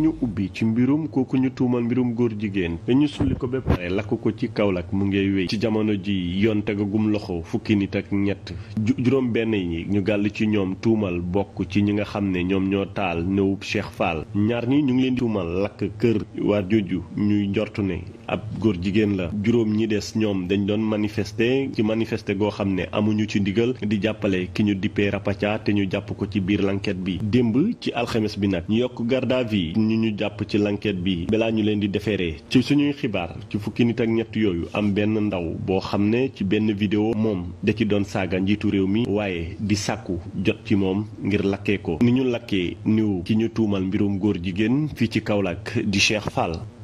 ñu ubbi ci mbirum kooku ñu tuumal mbirum góor jigéen ñu sulli ko ba pare lakk ko ci Kaolack mu ngay wéy ci jamono ji yoon tegagum loxo fukki nit ak ñett juróom benn yi ñu gàll ci ñoom tuumal bokk ci ñi nga xam ne ñoom ñoo taal néewub Cheikh Fall ñaar ñi ñu ngi leen di tuumal lakk kër waa jooju ñuy jortu ne ab góor jigéen la juróom ñi des ñoom dañ doon manifester ci manifester goo xam ne amuñu ci ndigal di jàppale ki ñu dippee Rapathia te ñu jàpp ko ci biir l'enquête bi démb ci alxames bi nag ñu ñu jàpp ci l'enquête bi balaa ñu leen di déféré ci suñuy xibaar ci fukki nit ak ñett yooyu am benn ndaw boo xam ne ci benn vidéo moom da ci doon saaga njiitu réew mi waaye di sàkku jot ci moom ngir lakkee ko ni ñu lakkee niw ki ñu tuumal mbirum góor jigéen fii ci Kaolack di Cheikh Fall